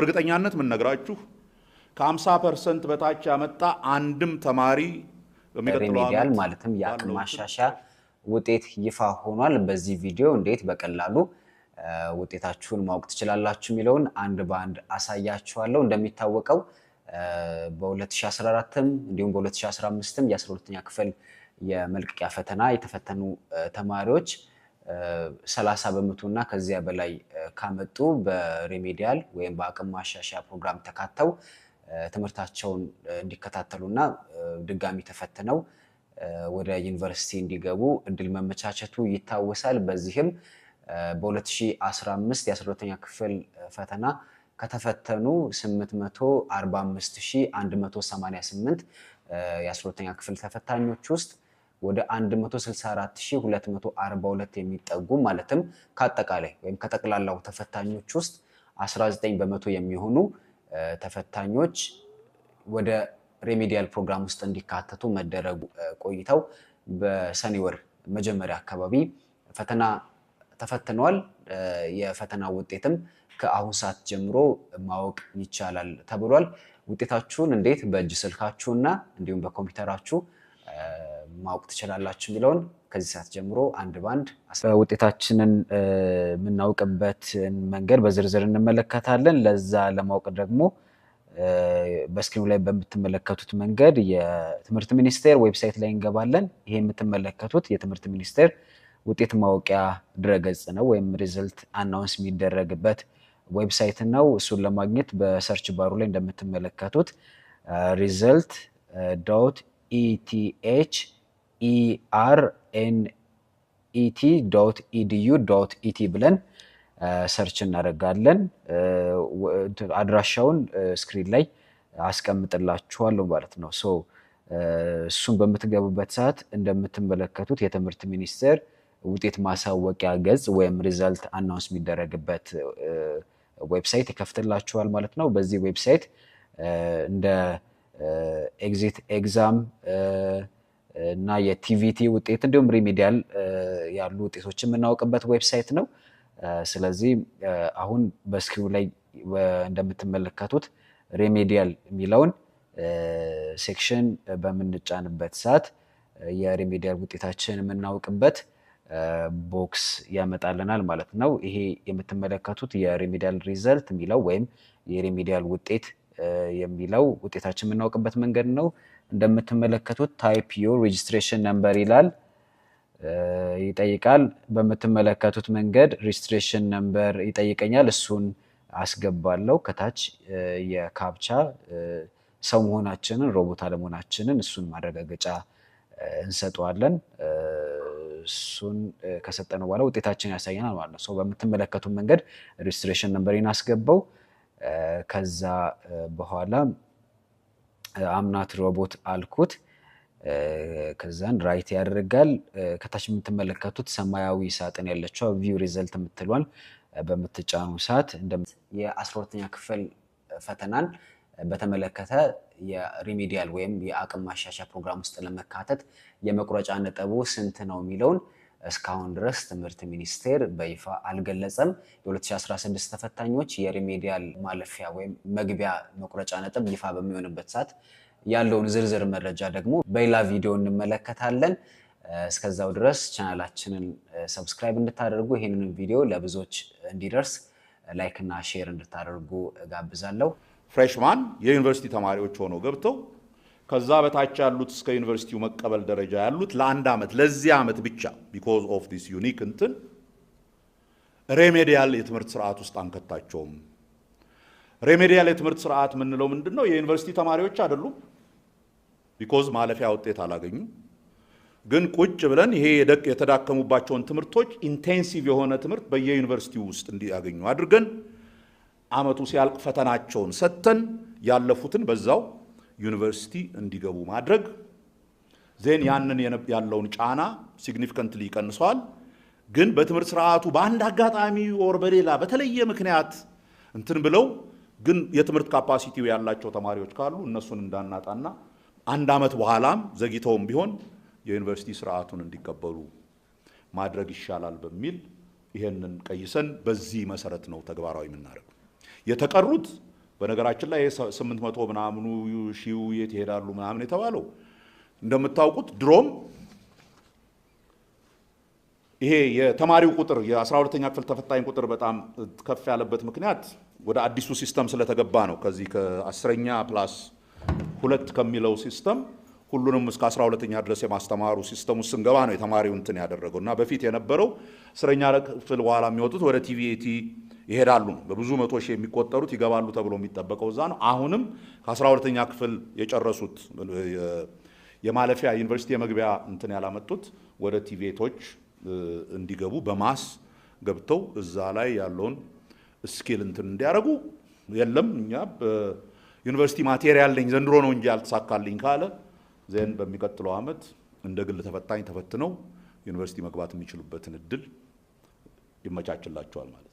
እርግጠኛነት የምንነግራችሁ ከ50 ፐርሰንት በታች ያመጣ አንድም ተማሪ ሪሜዲያል ማለትም የአቅም ማሻሻያ ውጤት ይፋ ሆኗል። በዚህ ቪዲዮ እንዴት በቀላሉ ውጤታችሁን ማወቅ ትችላላችሁ የሚለውን አንድ በአንድ አሳያችኋለሁ። እንደሚታወቀው በ2014ም እንዲሁም በ2015ም የ12ኛ ክፍል የመልቀቂያ ፈተና የተፈተኑ ተማሪዎች ሰላሳ በመቶ እና ከዚያ በላይ ካመጡ በሪሜዲያል ወይም በአቅም ማሻሻያ ፕሮግራም ተካተው ትምህርታቸውን እንዲከታተሉና ድጋሚ ተፈትነው ወደ ዩኒቨርሲቲ እንዲገቡ እድል መመቻቸቱ ይታወሳል። በዚህም በ2015 የ12ኛ ክፍል ፈተና ከተፈተኑ 845188 የ12ኛ ክፍል ተፈታኞች ውስጥ ወደ 164242 የሚጠጉ ማለትም ከአጠቃላይ ወይም ከጠቅላላው ተፈታኞች ውስጥ 19 በመቶ የሚሆኑ ተፈታኞች ወደ ሬሜዲያል ፕሮግራም ውስጥ እንዲካተቱ መደረጉ ቆይተው በሰኔ ወር መጀመሪያ አካባቢ ፈተና ተፈትነዋል። የፈተና ውጤትም ከአሁን ሰዓት ጀምሮ ማወቅ ይቻላል ተብሏል። ውጤታችሁን እንዴት በእጅ ስልካችሁ እና እንዲሁም በኮምፒውተራችሁ ማወቅ ትችላላችሁ የሚለውን ከዚህ ሰዓት ጀምሮ አንድ ባንድ ውጤታችንን የምናውቅበትን መንገድ በዝርዝር እንመለከታለን። ለዛ ለማወቅ ደግሞ በስክሪኑ ላይ በምትመለከቱት መንገድ የትምህርት ሚኒስቴር ዌብሳይት ላይ እንገባለን። ይሄ የምትመለከቱት የትምህርት ሚኒስቴር ውጤት ማወቂያ ድረገጽ ነው፣ ወይም ሪዘልት አናውንስ የሚደረግበት ዌብሳይት ነው። እሱን ለማግኘት በሰርች ባሩ ላይ እንደምትመለከቱት ሪዘልት ዶት ኢቲኤች ኢአርኤንኢቲ ዶት ኢዲዩ ዶት ኢቲ ብለን ሰርች እናደርጋለን። አድራሻውን ስክሪን ላይ አስቀምጥላችኋለሁ ማለት ነው። ሶ እሱን በምትገቡበት ሰዓት እንደምትመለከቱት የትምህርት ሚኒስቴር ውጤት ማሳወቂያ ገጽ ወይም ሪዛልት አናውንስ የሚደረግበት ዌብሳይት ይከፍትላችኋል ማለት ነው። በዚህ ዌብሳይት እንደ ኤግዚት ኤግዛም እና የቲቪቲ ውጤት እንዲሁም ሪሚዲያል ያሉ ውጤቶች የምናውቅበት ዌብሳይት ነው። ስለዚህ አሁን በስኪው ላይ እንደምትመለከቱት ሪሚዲያል የሚለውን ሴክሽን በምንጫንበት ሰዓት የሪሚዲያል ውጤታችን የምናውቅበት ቦክስ ያመጣልናል ማለት ነው። ይሄ የምትመለከቱት የሪሚዲያል ሪዘልት የሚለው ወይም የሪሚዲያል ውጤት የሚለው ውጤታችን የምናውቅበት መንገድ ነው። እንደምትመለከቱት ታይፕ ዩ ሬጅስትሬሽን ነምበር ይላል ይጠይቃል። በምትመለከቱት መንገድ ሬጅስትሬሽን ነምበር ይጠይቀኛል። እሱን አስገባለው። ከታች የካፕቻ ሰው መሆናችንን ሮቦት አለመሆናችንን እሱን ማረጋገጫ እንሰጠዋለን። እሱን ከሰጠነው በኋላ ውጤታችን ያሳየናል ማለት ነው። በምትመለከቱት መንገድ ሬጅስትሬሽን ነምበሬን አስገባው። ከዛ በኋላ አምናት ሮቦት አልኩት። ከዛን ራይት ያደርጋል። ከታች የምትመለከቱት ሰማያዊ ሳጥን ያለችው ቪው ሪዘልት የምትሏል በምትጫኑ ሰዓት የአስራ ክፍል ፈተናን በተመለከተ የሪሜዲያል ወይም የአቅም ማሻሻያ ፕሮግራም ውስጥ ለመካተት የመቁረጫ ነጥቡ ስንት ነው የሚለውን እስካሁን ድረስ ትምህርት ሚኒስቴር በይፋ አልገለጸም። የ2016 ተፈታኞች የሪሜዲያል ማለፊያ ወይም መግቢያ መቁረጫ ነጥብ ይፋ በሚሆንበት ሰዓት ያለውን ዝርዝር መረጃ ደግሞ በሌላ ቪዲዮ እንመለከታለን። እስከዛው ድረስ ቻናላችንን ሰብስክራይብ እንድታደርጉ ይህንን ቪዲዮ ለብዙዎች እንዲደርስ ላይክ ሼር እንድታደርጉ እጋብዛለሁ። ፍሬሽማን የዩኒቨርሲቲ ተማሪዎች ሆነው ገብተው ከዛ በታች ያሉት እስከ ዩኒቨርሲቲው መቀበል ደረጃ ያሉት ለአንድ ዓመት ለዚህ ዓመት ብቻ ቢኮዝ ኦፍ ዲስ ዩኒክ እንትን ሬሜዲያል የትምህርት ስርዓት ውስጥ አንከታቸውም። ሬሜዲያል የትምህርት ስርዓት የምንለው ምንድን ነው? የዩኒቨርሲቲ ተማሪዎች አይደሉም። ቢኮዝ ማለፊያ ውጤት አላገኙም። ግን ቁጭ ብለን ይሄ የተዳከሙባቸውን ትምህርቶች ኢንቴንሲቭ የሆነ ትምህርት በየዩኒቨርሲቲው ውስጥ እንዲያገኙ አድርገን አመቱ ሲያልቅ ፈተናቸውን ሰጥተን ያለፉትን በዛው ዩኒቨርሲቲ እንዲገቡ ማድረግ ዜን ያንን ያለውን ጫና ሲግኒፊካንትሊ ይቀንሰዋል። ግን በትምህርት ስርዓቱ በአንድ አጋጣሚ ወር በሌላ በተለየ ምክንያት እንትን ብለው ግን የትምህርት ካፓሲቲው ያላቸው ተማሪዎች ካሉ እነሱን እንዳናጣና አንድ ዓመት በኋላም ዘግይተውም ቢሆን የዩኒቨርሲቲ ስርዓቱን እንዲቀበሉ ማድረግ ይሻላል በሚል ይሄንን ቀይሰን በዚህ መሰረት ነው ተግባራዊ የምናደርገው የተቀሩት በነገራችን ላይ ስምንት መቶ ምናምኑ ሺው የት ይሄዳሉ ምናምን የተባለው እንደምታውቁት ድሮም ይሄ የተማሪው ቁጥር የአስራ ሁለተኛ ክፍል ተፈታኝ ቁጥር በጣም ከፍ ያለበት ምክንያት ወደ አዲሱ ሲስተም ስለተገባ ነው። ከዚህ ከአስረኛ ፕላስ ሁለት ከሚለው ሲስተም ሁሉንም እስከ አስራ ሁለተኛ ድረስ የማስተማሩ ሲስተሙ ስንገባ ነው የተማሪው እንትን ያደረገው እና በፊት የነበረው አስረኛ ክፍል በኋላ የሚወጡት ወደ ቲቪኤቲ ይሄዳሉ ነው። በብዙ መቶ ሺህ የሚቆጠሩት ይገባሉ ተብሎ የሚጠበቀው እዛ ነው። አሁንም ከአስራ ሁለተኛ ክፍል የጨረሱት የማለፊያ ዩኒቨርሲቲ የመግቢያ እንትን ያላመጡት ወደ ቲቬቶች እንዲገቡ በማስ ገብተው እዛ ላይ ያለውን ስኪል እንትን እንዲያደርጉ የለም እኛ ዩኒቨርሲቲ ማቴሪያል ለኝ ዘንድሮ ነው እንጂ ያልተሳካልኝ ካለ ዜን በሚቀጥለው ዓመት እንደ ግል ተፈታኝ ተፈትነው ዩኒቨርሲቲ መግባት የሚችሉበትን እድል ይመቻችላቸዋል ማለት